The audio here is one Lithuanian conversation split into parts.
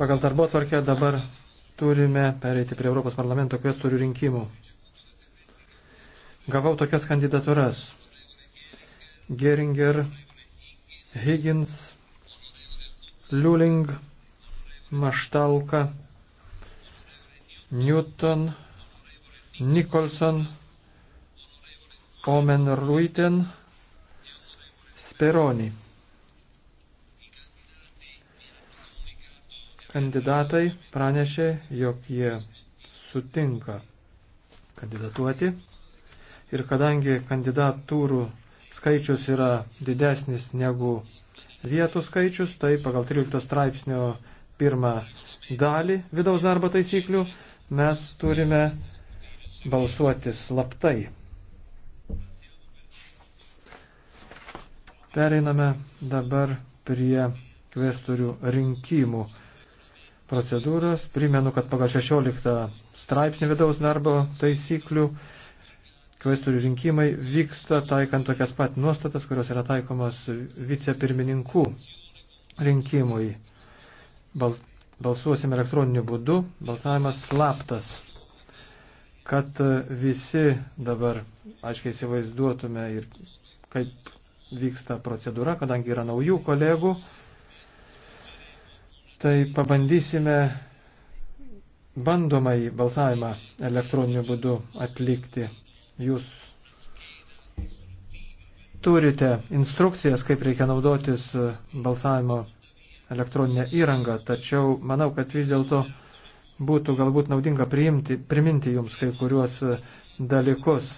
Pagal darbo tvarkę dabar turime pereiti prie Europos parlamento kvestorių rinkimų. Gavau tokias kandidatūras. Geringer, Higgins, Liuling, Maštalka, Newton, Nicholson, Omen Ruiten, Speroni. Kandidatai pranešė, jog jie sutinka kandidatuoti ir kadangi kandidatūrų skaičius yra didesnis negu vietų skaičius, tai pagal 13 straipsnio pirmą dalį vidaus darbo taisyklių mes turime balsuoti slaptai. Pereiname dabar prie kvestorių rinkimų procedūros. Primenu, kad pagal 16 straipsnį vidaus darbo taisyklių kvestorių rinkimai vyksta taikant tokias pat nuostatas, kurios yra taikomas vicepirmininkų rinkimui. Bal, balsuosim elektroniniu būdu, balsavimas slaptas. Kad e, visi dabar aiškiai įsivaizduotume ir kaip vyksta procedūra, kadangi yra naujų kolegų tai pabandysime bandomąjį balsavimą elektroniniu būdu atlikti. Jūs turite instrukcijas, kaip reikia naudotis balsavimo elektroninę įrangą, tačiau manau, kad vis dėlto būtų galbūt naudinga priimti, priminti jums kai kuriuos dalykus.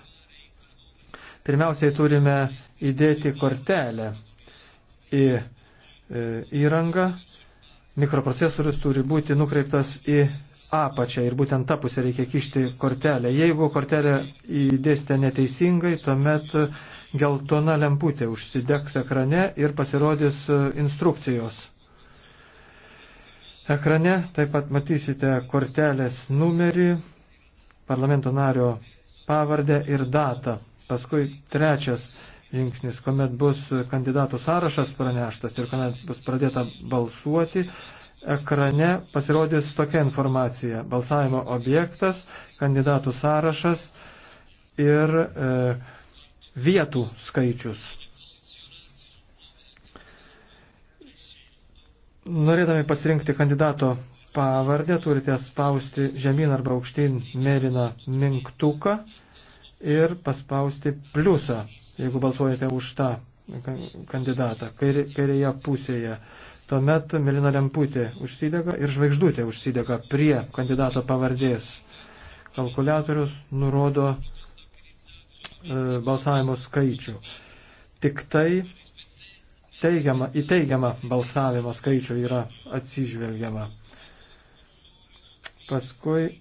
Pirmiausiai turime įdėti kortelę į e, įrangą mikroprocesorius turi būti nukreiptas į apačią ir būtent tą pusę reikia kišti kortelę. Jeigu kortelę įdėsite neteisingai, tuomet geltona lemputė užsidegs ekrane ir pasirodys instrukcijos. Ekrane taip pat matysite kortelės numerį, parlamento nario pavardę ir datą. Paskui trečias žingsnis, kuomet bus kandidatų sąrašas praneštas ir kuomet bus pradėta balsuoti, ekrane pasirodys tokia informacija - balsavimo objektas, kandidatų sąrašas ir e, vietų skaičius. Norėdami pasirinkti kandidato pavardę, turite spausti žemyn arba aukštyn mėlyną mygtuką ir paspausti pliusą, jeigu balsuojate už tą kandidatą kairėje pusėje. Tuomet Melina lemputė užsidega ir žvaigždutė užsidega prie kandidato pavardės. Kalkuliatorius nurodo e, balsavimo skaičių. Tik tai teigiama, į teigiamą balsavimo skaičių yra atsižvelgiama. Paskui e,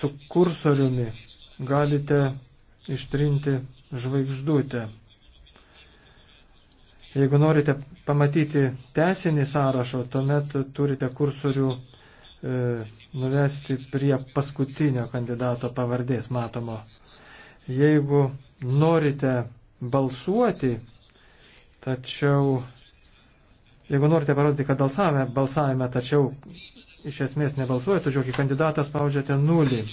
su kursoriumi galite ištrinti žvaigždutę. Jeigu norite pamatyti tesinį sąrašo, tuomet turite kursorių e, nuvesti prie paskutinio kandidato pavardės matomo. Jeigu norite balsuoti, tačiau, jeigu norite parodyti, kad balsavime, balsavime tačiau iš esmės nebalsuojate, už jokį kandidatą spaudžiate nulį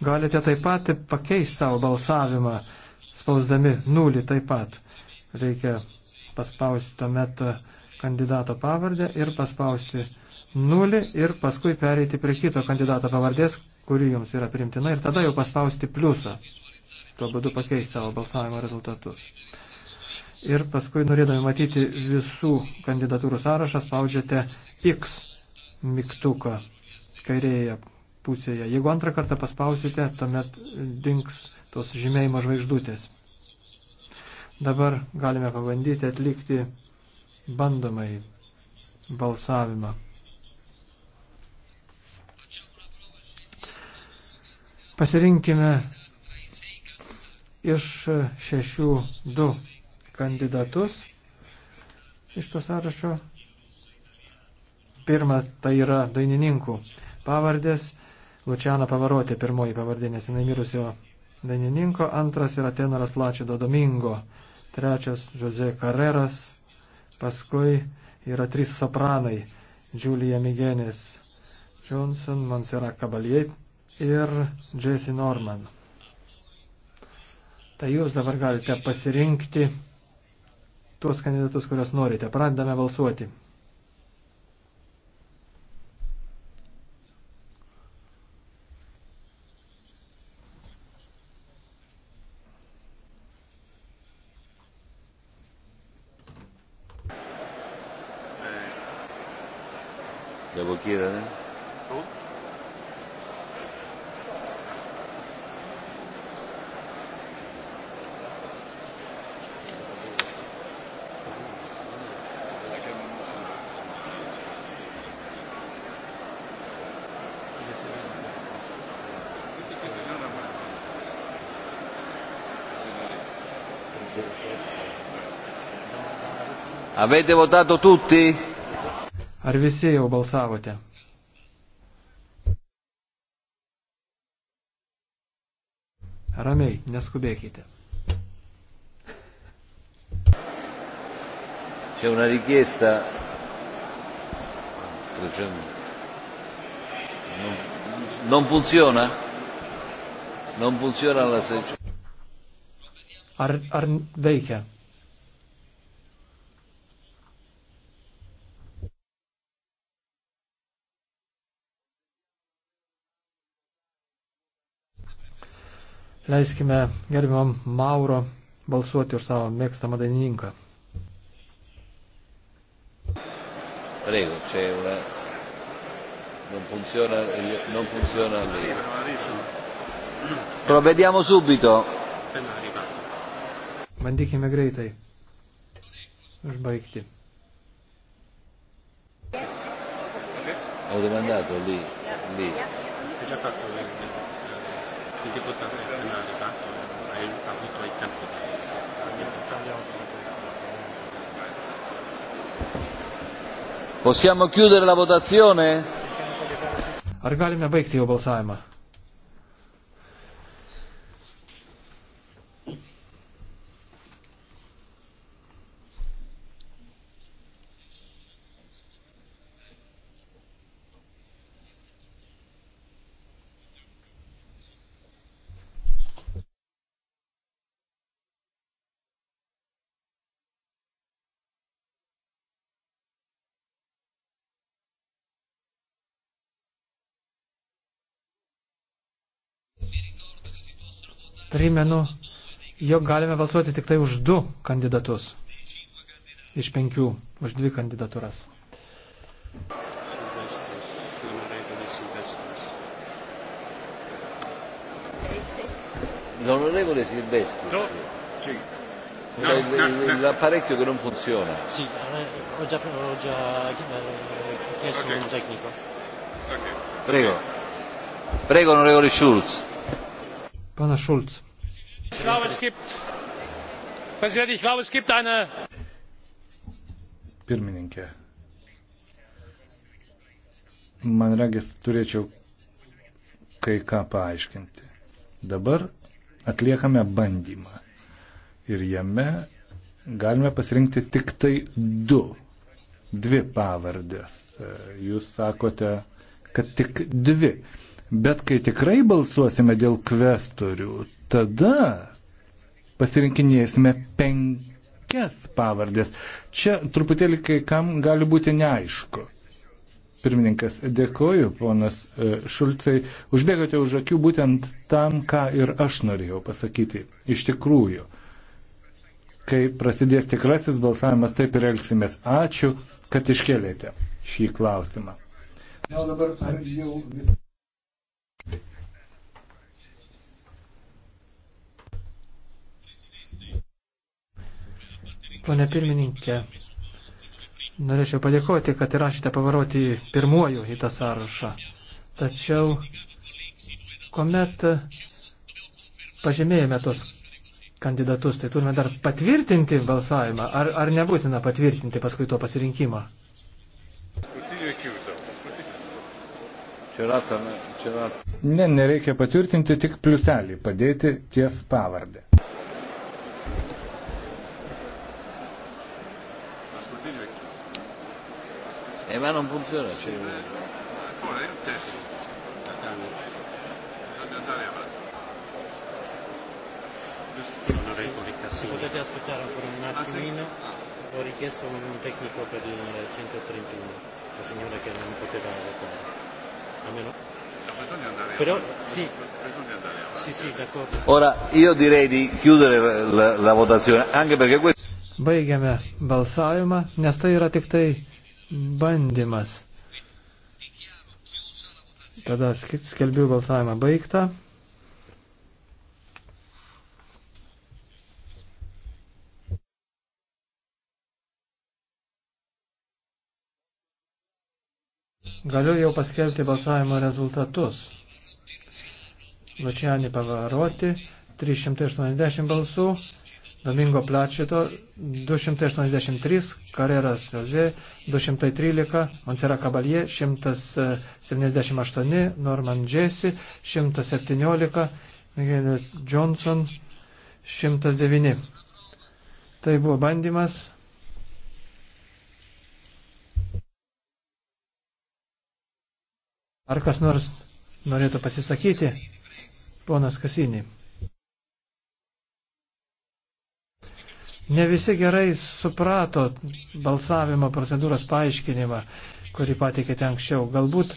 galite taip pat pakeisti savo balsavimą, spausdami nulį taip pat. Reikia paspausti tuomet kandidato pavardę ir paspausti nulį ir paskui pereiti prie kito kandidato pavardės, kuri jums yra primtina ir tada jau paspausti pliusą. Tuo būdu pakeisti savo balsavimo rezultatus. Ir paskui, norėdami matyti visų kandidatūrų sąrašą, spaudžiate X mygtuką kairėje pusėje. Jeigu antrą kartą paspausite, tuomet dinks tos žymėjimo žvaigždutės. Dabar galime pabandyti atlikti bandomai balsavimą. Pasirinkime iš šešių du kandidatus iš to sąrašo. Pirmas tai yra dainininkų pavardės Lučiana Pavarotė, pirmoji pavardinės, jinai mirusio dainininko, antras yra tenoras Plačido Domingo, trečias Jose Carreras, paskui yra trys sopranai, Julia Migenis Johnson, Mansera Cabalier ir Jesse Norman. Tai jūs dabar galite pasirinkti tuos kandidatus, kuriuos norite. Pradedame balsuoti. Cool. Avete votato tutti? Ar visi jau balsavote? neskubėkite. C'è una richiesta. 300. Non, non funziona? Non funziona la sezione. Ar, ar veikia? Leiskime gerbiamam Mauro balsuoti už savo mėgstamą dainininką. Prego, c'è una... Non funziona, non funziona lì. Provvediamo subito. Bandykime greitai. Užbaigti. Ho domandato lì, lì. Che ci ha fatto? Eh quindi potrebbe essere arrivato hai avuto ai tempi Possiamo chiudere la votazione? Ar galime baigti jau balsavimą? Primenu, jog galime balsuoti tik tai už du kandidatus iš penkių, už dvi kandidatūras. L'onorevole Silvestri. No, sì. No, cioè, no, no. L'apparecchio che non funziona. Sì, eh, ho già, ho già eh, chiesto okay. un tecnico. Okay. Prego. Prego, onorevole Schulz. Pana Šulc. Pirmininkė. Man regis, turėčiau kai ką paaiškinti. Dabar atliekame bandymą. Ir jame galime pasirinkti tik tai du, dvi pavardės. Jūs sakote, kad tik dvi. Bet kai tikrai balsuosime dėl kvestorių, tada pasirinkinėsime penkias pavardės. Čia truputėlį kai kam gali būti neaišku. Pirmininkas, dėkoju, ponas e, Šulcai, užbėgote už akių būtent tam, ką ir aš norėjau pasakyti. Iš tikrųjų, kai prasidės tikrasis balsavimas, taip ir elgsimės. Ačiū, kad iškėlėte šį klausimą. Na, dabar ar jau vis... Pone pirmininkė, norėčiau padėkoti, kad įrašėte pavaroti pirmuoju į tą sąrašą. Tačiau, kuomet pažymėjome tos kandidatus, tai turime dar patvirtinti balsavimą, ar, ar nebūtina patvirtinti paskui to pasirinkimą. Ne, nereikia patvirtinti, tik pliuselį padėti ties pavardę. Eh ma non funziona. Sì, cioè... Ancora, io testo. Bisogna andare avanti. Sì, onorevole Cassini. Potete aspettare ancora un attimino. Ah, sì? Ho richiesto un tecnico per il 131, la signora che non poteva votare. Almeno... Bisogna andare Però, avanti. Sì. Bisogna andare avanti. Sì, sì, d'accordo. Ora io direi di chiudere la, la votazione, anche perché questo... Baigiame balsavimą, nes tai yra tik tai bandymas. Tada skelbiu balsavimą baigtą. Galiu jau paskelbti balsavimo rezultatus. Lučiani Pavaroti 380 balsų. Domingo Plačito 283, Carreras Jose 213, Montserra Cabalie 178, Norman Jesse 117, Miguelis Johnson 109. Tai buvo bandymas. Ar kas nors norėtų pasisakyti? Ponas Kasinį. Ne visi gerai suprato balsavimo procedūros paaiškinimą, kurį pateikėte anksčiau. Galbūt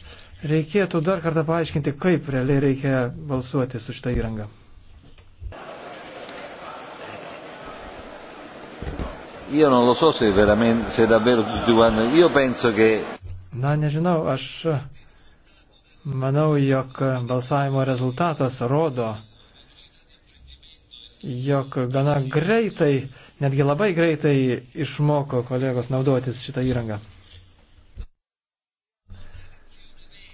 reikėtų dar kartą paaiškinti, kaip realiai reikia balsuoti su šitą įrangą. Io non lo so se veramente, se davvero tutti quanti, io penso che... Na, nežinau, aš manau, jog balsavimo rezultatas rodo, jog gana greitai, netgi labai greitai išmoko kolegos naudotis šitą įrangą.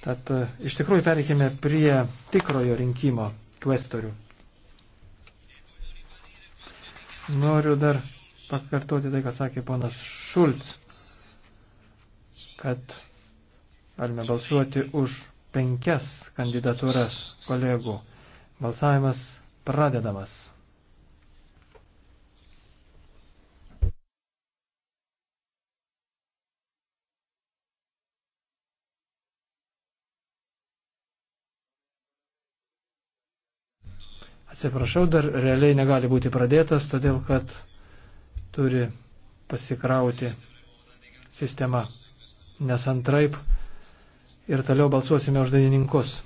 Tad e, iš tikrųjų pereikime prie tikrojo rinkimo kvestorių. Noriu dar pakartoti tai, ką sakė ponas Šulc, kad galime balsuoti už penkias kandidatūras kolegų. Balsavimas pradedamas. atsiprašau, dar realiai negali būti pradėtas, todėl kad turi pasikrauti sistema, nes antraip ir toliau balsuosime už dainininkus.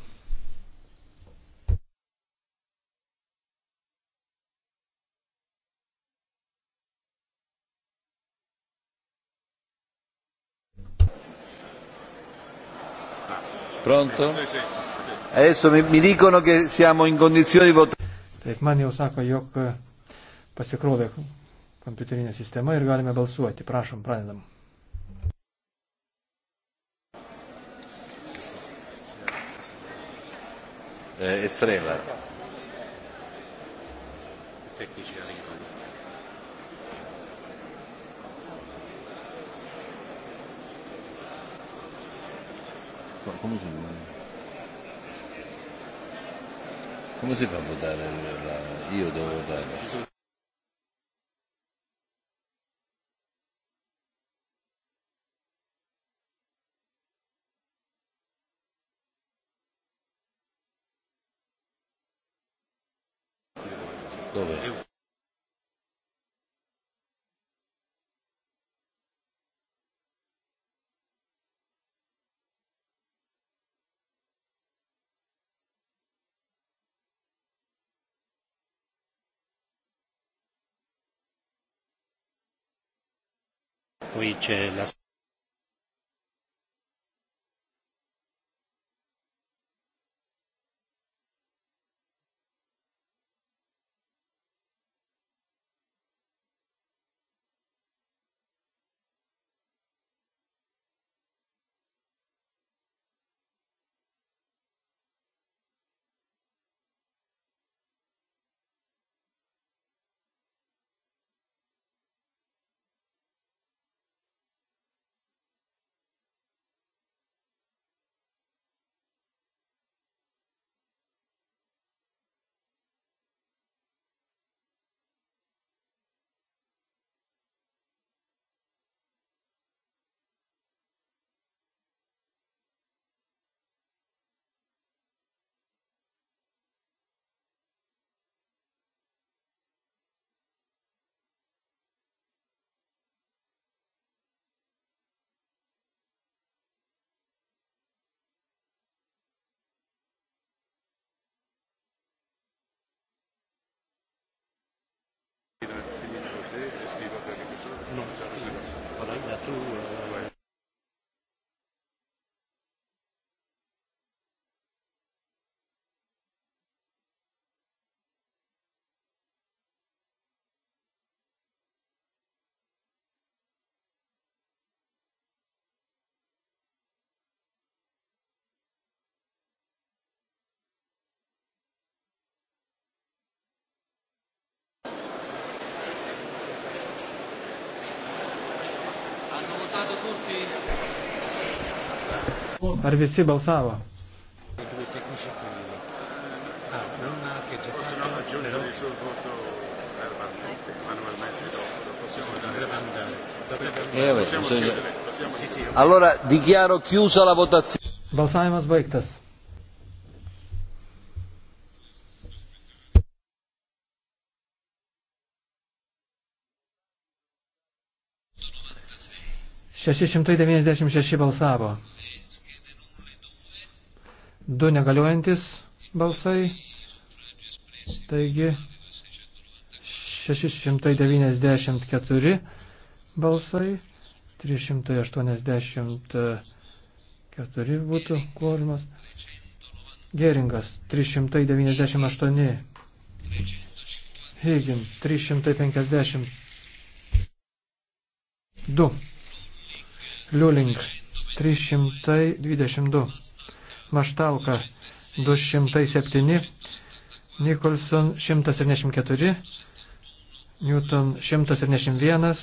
Pronto? Adesso mi, mi dicono che siamo in condizione di votare. Taip, man jau sako, jog pasikrovė kompiuterinė sistema ir galime balsuoti. Prašom, pradedam. Estrela. E tecnici arrivano. Come si chiama? Come si fa a votare? La... Io devo votare. Dove? which uh, last Ar visi balsavo? Eh, allora dichiaro chiusa la votazione. Balsavimas baigtas. Šeši šimtai devyniasdešimt šeši balsavo du negaliuojantis balsai. Taigi 694 balsai, 384 būtų kvormas. Geringas 398, Higin 352, Liuling 322. Maštauka 207, Nikolson 174, Newton 171,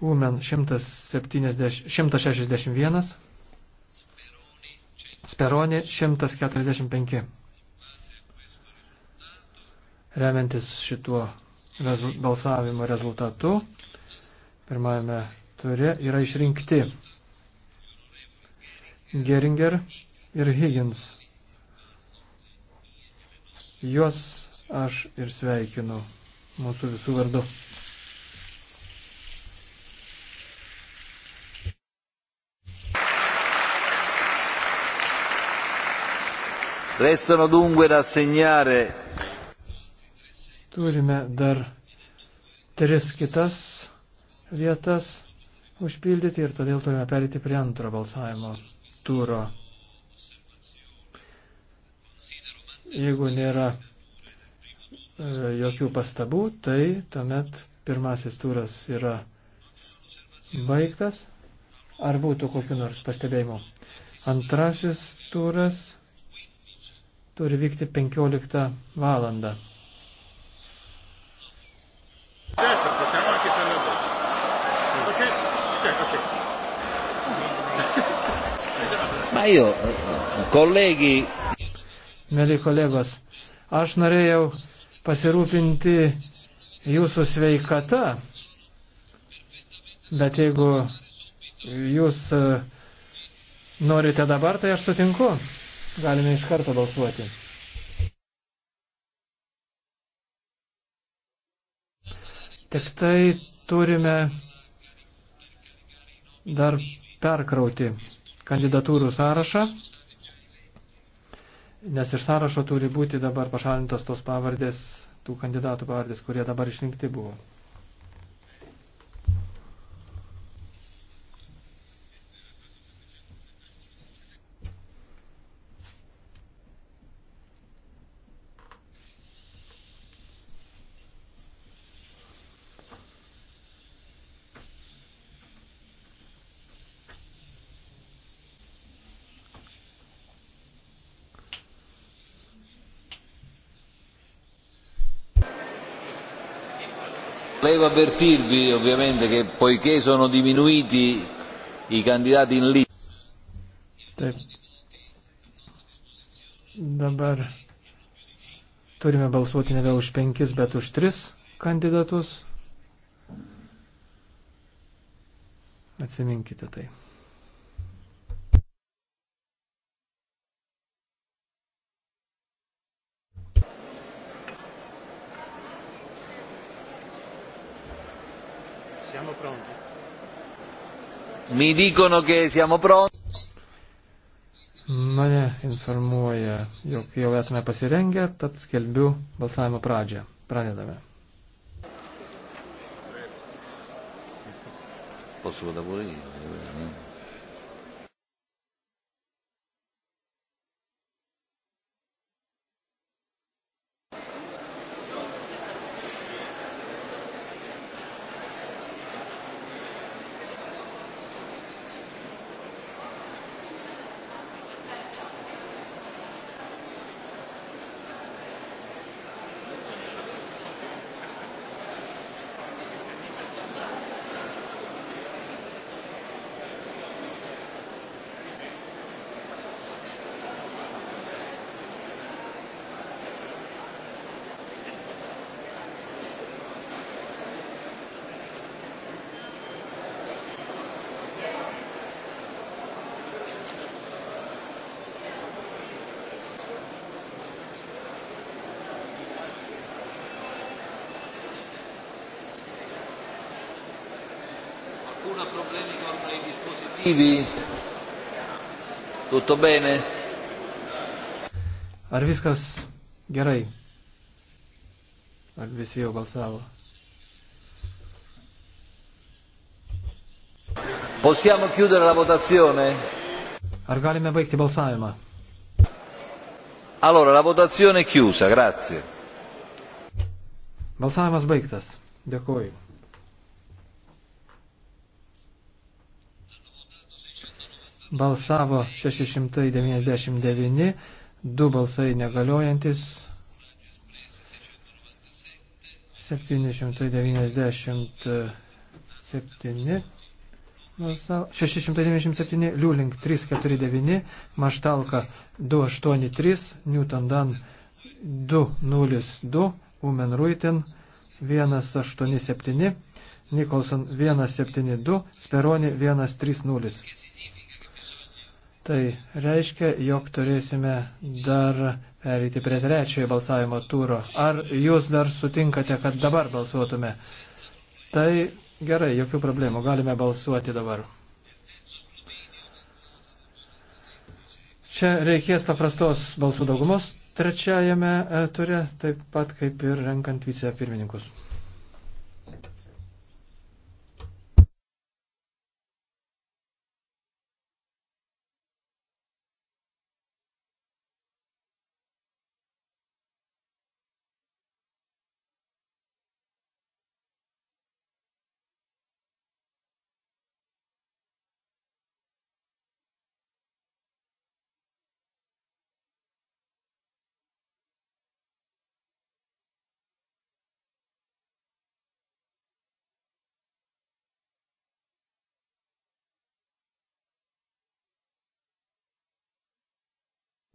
Umen 170, 161, Speroni 145. Remiantis šituo rezu, balsavimo rezultatu, pirmajame ture yra išrinkti Geringer ir Higgins. Juos aš ir sveikinu mūsų visų vardu. Restano dunque da segnare. Turime dar tris kitas vietas užpildyti ir todėl turime perėti prie antro balsavimo turo. Jeigu nėra e, jokių pastabų, tai tuomet pirmasis turas yra baigtas. Ar būtų kokiu nors pastebėjimu? Antrasis turas turi vykti 15 valandą. Adesso passiamo anche per le voci. Ok? Ok, ok. Ma io, eh, eh, colleghi, mėly kolegos, aš norėjau pasirūpinti jūsų sveikata, bet jeigu jūs e, norite dabar, tai aš sutinku, galime iš karto balsuoti. Tik tai turime dar perkrauti kandidatūrų sąrašą nes iš sąrašo turi būti dabar pašalintos tos pavardės, tų kandidatų pavardės, kurie dabar išrinkti buvo. Devo avvertirvi ovviamente che poiché sono diminuiti i candidati in lista. Taip. Dabar turime balsuoti nebe už penkis, bet už tris kandidatus. Atsiminkite tai. pronti. Mi dicono che siamo pronti. Mane informuoja, jog jau esame pasirengę, tad skelbiu balsavimo pradžią. Pradedame. Posso da pure io. Qualcuno ha problemi con i dispositivi? Tutto bene? Ar viskas gerai? Ar visi jau balsavo? Possiamo chiudere la votazione? Ar galime baigti balsavimą? Allora, la votazione è chiusa, grazie. Balsavimas baigtas. Dėkuoju. balsavo 699, du balsai negaliojantis, 797 balsavo, 697, Liulink 349, Maštalka 283, Newton Dan 202, Umen Ruiten 187, Nikolson 172, Speroni 130. Tai reiškia, jog turėsime dar pereiti prie trečiojo balsavimo tūro. Ar jūs dar sutinkate, kad dabar balsuotume? Tai gerai, jokių problemų, galime balsuoti dabar. Čia reikės paprastos balsų daugumos trečiajame e, ture, taip pat kaip ir renkant vicepirmininkus. pirmininkus.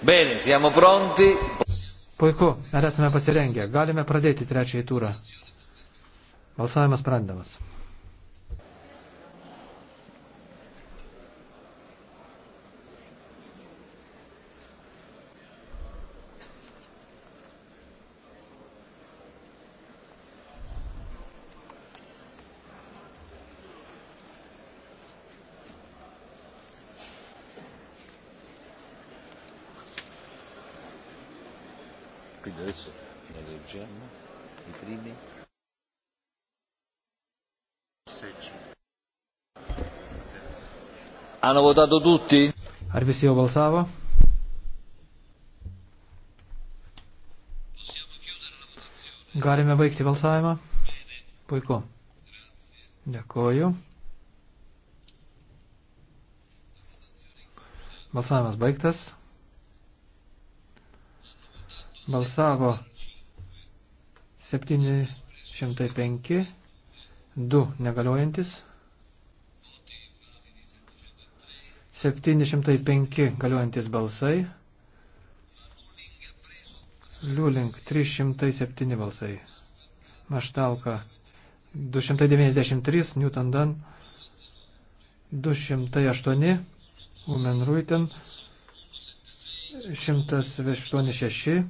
Bene, siamo pronti. Puiku, ar esame pasirengę. Galime pradėti trečiąjį turą. Balsavimas sprendamas. Hanno votato tutti? Ar visi jau balsavo? Galime baigti balsavimą? Puiku. Dėkoju. Balsavimas baigtas. Balsavo 705, 2 negaliojantis. 705 galiuojantis balsai. Liulink 307 balsai. Maštalka 293, Newton Dan 208, Umen Ruiten 186,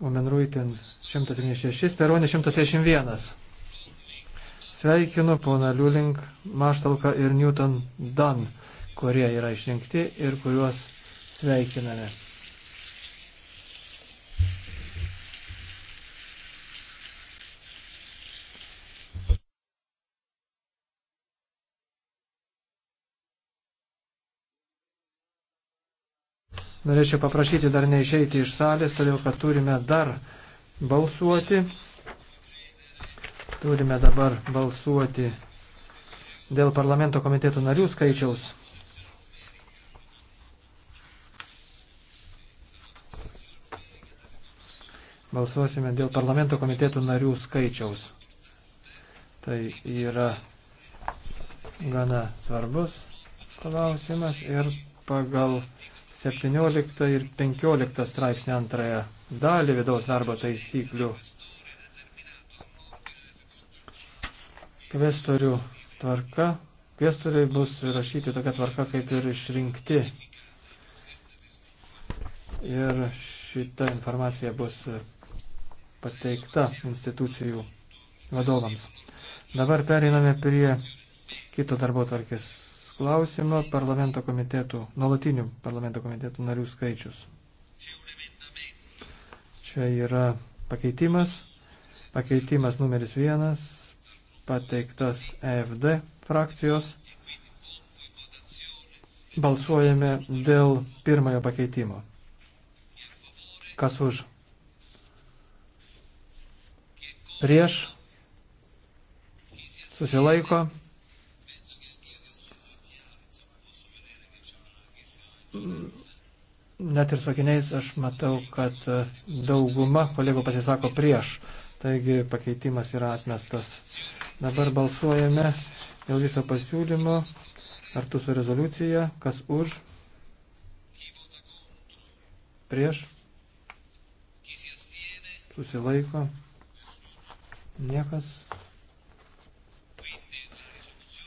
Umen Ruiten 176, Peronė 161. Sveikinu pona Liulink, Maštalką ir Newton Dan, kurie yra išrinkti ir kuriuos sveikiname. Norėčiau paprašyti dar neišeiti iš salės, todėl kad turime dar balsuoti. Turime dabar balsuoti dėl parlamento komitetų narių skaičiaus. Balsuosime dėl parlamento komitetų narių skaičiaus. Tai yra gana svarbus klausimas ir pagal 17 ir 15 straipsnio antrąją dalį vidaus darbo taisyklių kvestorių tvarka. Kvestoriai bus rašyti tokia tvarka, kaip ir išrinkti. Ir šita informacija bus pateikta institucijų vadovams. Dabar pereiname prie kito darbo tvarkės klausimo parlamento komitetų, nuolatinių parlamento komitetų narių skaičius. Čia yra pakeitimas. Pakeitimas numeris vienas pateiktas EFD frakcijos. Balsuojame dėl pirmojo pakeitimo. Kas už? Prieš? Susilaiko? Net ir su akiniais aš matau, kad dauguma kolegų pasisako prieš. Taigi pakeitimas yra atmestas. Dabar balsuojame dėl viso pasiūlymo kartu su rezoliucija, kas už, prieš, susilaiko, niekas.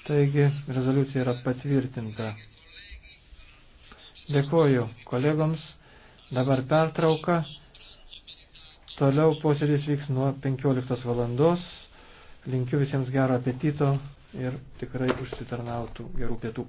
Taigi, rezoliucija yra patvirtinta. Dėkoju kolegoms. Dabar pertrauka. Toliau posėdis vyks nuo 15 valandos. Linkiu visiems gero apetito ir tikrai užsitarnautų gerų pietų.